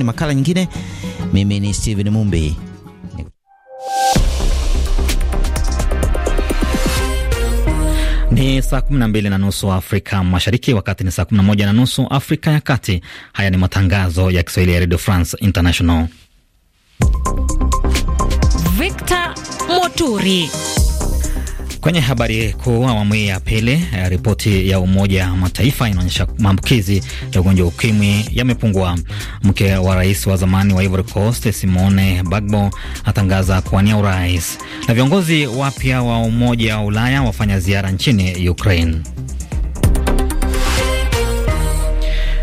kwenye makala nyingine. Mimi ni Steven Mumbi. Ni saa kumi na mbili na nusu Afrika Mashariki, wakati ni saa kumi na moja na nusu Afrika ya Kati. Haya ni matangazo ya Kiswahili ya Radio France International. Victor Moturi Kwenye habari kuu awamu hii ya pili, eh, ripoti ya Umoja wa Mataifa inaonyesha maambukizi ya ugonjwa ukimwi yamepungua. Mke wa rais wa zamani wa Ivory Coast Simone Bagbo atangaza kuwania urais, na viongozi wapya wa Umoja wa Ulaya wafanya ziara nchini Ukraine.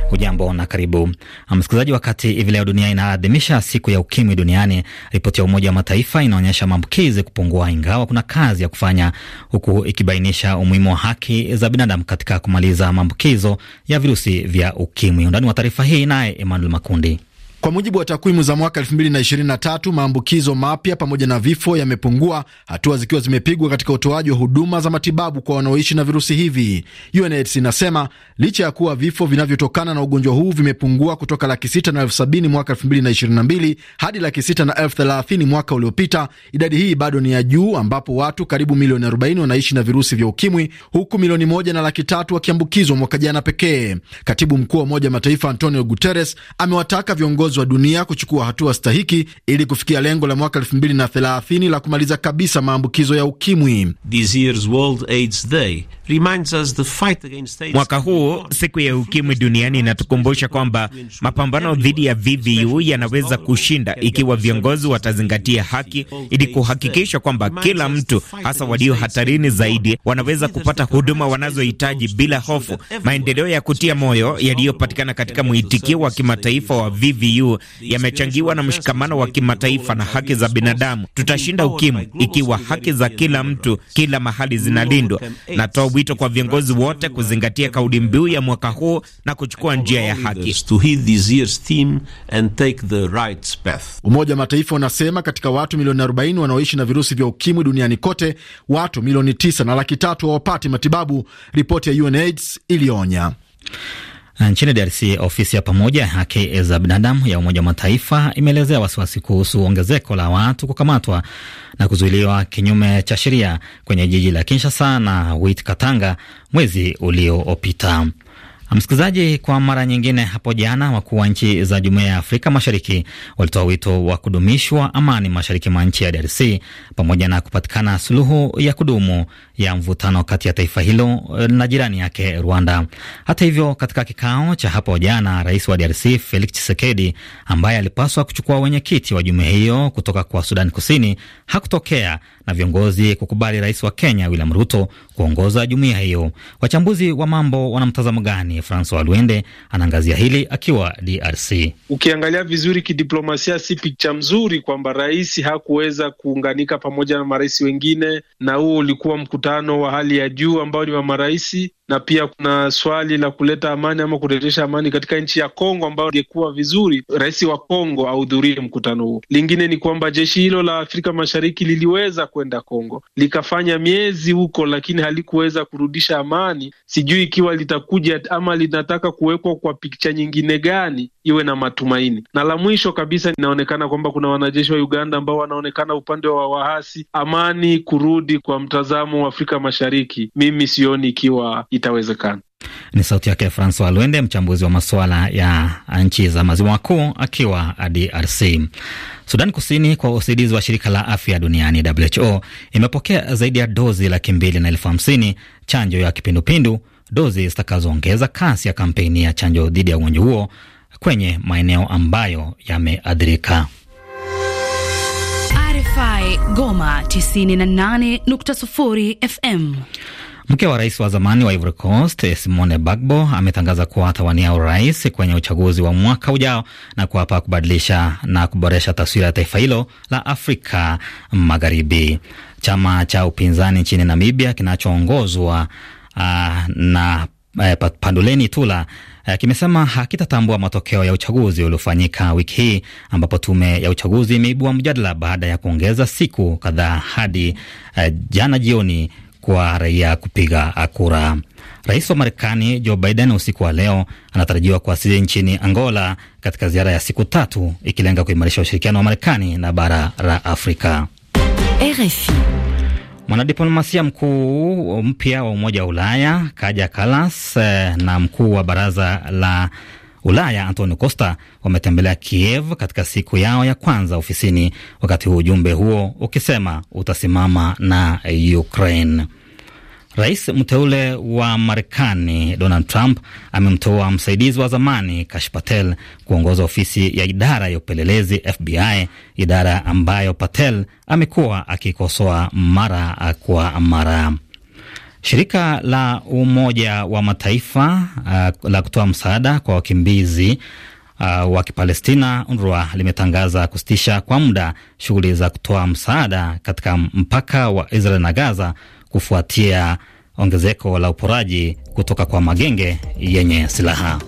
Hujambo na karibu ah, msikilizaji. Wakati hivi leo dunia inaadhimisha siku ya ukimwi duniani, ripoti ya Umoja wa Mataifa inaonyesha maambukizi kupungua, ingawa kuna kazi ya kufanya, huku ikibainisha umuhimu wa haki za binadamu katika kumaliza maambukizo ya virusi vya ukimwi. Undani wa taarifa hii naye Emmanuel Makundi. Kwa mujibu wa takwimu za mwaka 2023 maambukizo mapya pamoja na vifo yamepungua, hatua zikiwa zimepigwa katika utoaji wa huduma za matibabu kwa wanaoishi na virusi hivi. UNAIDS inasema licha ya kuwa vifo vinavyotokana na ugonjwa huu vimepungua kutoka laki sita na elfu sabini mwaka 2022 hadi laki sita na elfu thelathini mwaka uliopita, idadi hii bado ni ya juu, ambapo watu karibu milioni 40 wanaishi na virusi vya ukimwi, huku milioni moja na laki tatu wakiambukizwa mwaka jana pekee. Katibu mkuu wa Umoja Mataifa Antonio Guterres amewataka viongozi viongozi wa dunia kuchukua hatua stahiki ili kufikia lengo la mwaka 2030 la kumaliza kabisa maambukizo ya ukimwi. Mwaka huu siku ya ukimwi duniani inatukumbusha kwamba mapambano dhidi ya VVU yanaweza kushinda ikiwa viongozi watazingatia haki, ili kuhakikisha kwamba kila mtu, hasa walio hatarini zaidi, wanaweza kupata huduma wanazohitaji bila hofu. Maendeleo ya kutia moyo yaliyopatikana katika mwitikio wa kimataifa wa VVU AU yamechangiwa na mshikamano wa kimataifa na haki za binadamu. Tutashinda UKIMWI ikiwa haki za kila mtu kila mahali zinalindwa. Natoa wito kwa viongozi wote kuzingatia kauli mbiu ya mwaka huu na kuchukua njia ya haki. Umoja wa Mataifa unasema katika watu milioni 40 wanaoishi na virusi vya ukimwi duniani kote, watu milioni 9 na laki tatu hawapati matibabu, ripoti ya UNAIDS ilionya. Nchini DRC, ofisi ya pamoja ya haki za binadamu ya Umoja wa Mataifa imeelezea wasiwasi kuhusu ongezeko la watu kukamatwa na kuzuiliwa kinyume cha sheria kwenye jiji la Kinshasa na Wit Katanga mwezi uliopita. Msikilizaji, kwa mara nyingine hapo jana, wakuu wa nchi za jumuiya ya Afrika Mashariki walitoa wito wa kudumishwa amani mashariki mwa nchi ya DRC pamoja na kupatikana suluhu ya kudumu ya mvutano kati ya taifa hilo na jirani yake Rwanda. Hata hivyo, katika kikao cha hapo jana, rais wa DRC Felix Tshisekedi ambaye alipaswa kuchukua wenyekiti wa jumuiya hiyo kutoka kwa Sudan Kusini hakutokea na viongozi kukubali rais wa Kenya William Ruto kuongoza jumuiya hiyo. Wachambuzi wa mambo wana mtazamo gani? Marekani Francois Luende anaangazia hili akiwa DRC. Ukiangalia vizuri kidiplomasia, si picha mzuri kwamba rais hakuweza kuunganika pamoja na marais wengine, na huo ulikuwa mkutano wa hali ya juu ambao ni wa marais, na pia kuna swali la kuleta amani ama kurejesha amani katika nchi ya Kongo, ambayo ingekuwa vizuri rais wa Kongo ahudhurie mkutano huo. Lingine ni kwamba jeshi hilo la Afrika Mashariki liliweza kwenda Kongo likafanya miezi huko, lakini halikuweza kurudisha amani. Sijui ikiwa litakuja ama linataka kuwekwa kwa picha nyingine gani iwe na matumaini. Na la mwisho kabisa, inaonekana kwamba kuna wanajeshi wa Uganda ambao wanaonekana upande wa waasi. Amani kurudi kwa mtazamo wa Afrika Mashariki, mimi sioni ikiwa itawezekana. Ni sauti yake Francois Lwende, mchambuzi wa masuala ya nchi za maziwa makuu akiwa DRC. Sudan Kusini, kwa usaidizi wa shirika la afya duniani WHO, imepokea zaidi ya dozi laki mbili na elfu hamsini chanjo ya kipindupindu, dozi zitakazoongeza kasi ya kampeni ya chanjo dhidi ya ugonjwa huo kwenye maeneo ambayo yameathirika. RFI Goma 98.0 FM. Mke wa rais wa zamani wa Ivory Coast Simone Bagbo ametangaza kuwa atawania urais kwenye uchaguzi wa mwaka ujao na kuapa kubadilisha na kuboresha taswira ya taifa hilo la Afrika Magharibi. Chama cha upinzani nchini Namibia kinachoongozwa uh, na Eh, Panduleni Tula eh, kimesema hakitatambua matokeo ya uchaguzi uliofanyika wiki hii ambapo tume ya uchaguzi imeibua mjadala baada ya kuongeza siku kadhaa hadi eh, jana jioni kwa raia kupiga kura. Rais wa Marekani Joe Biden usiku wa leo anatarajiwa kuwasili nchini Angola katika ziara ya siku tatu ikilenga kuimarisha ushirikiano wa Marekani na bara la Afrika. RFI. Mwanadiplomasia mkuu mpya wa Umoja wa Ulaya Kaja kalas eh, na mkuu wa Baraza la Ulaya antoni Costa wametembelea Kiev katika siku yao ya kwanza ofisini, wakati huu ujumbe huo ukisema utasimama na Ukraine. Rais mteule wa Marekani Donald Trump amemteua msaidizi wa zamani Kash Patel kuongoza ofisi ya idara ya upelelezi FBI, idara ambayo Patel amekuwa akikosoa mara kwa mara. Shirika la Umoja wa Mataifa uh, la kutoa msaada kwa wakimbizi Uh, wa Kipalestina UNRWA limetangaza kusitisha kwa muda shughuli za kutoa msaada katika mpaka wa Israel na Gaza kufuatia ongezeko la uporaji kutoka kwa magenge yenye silaha.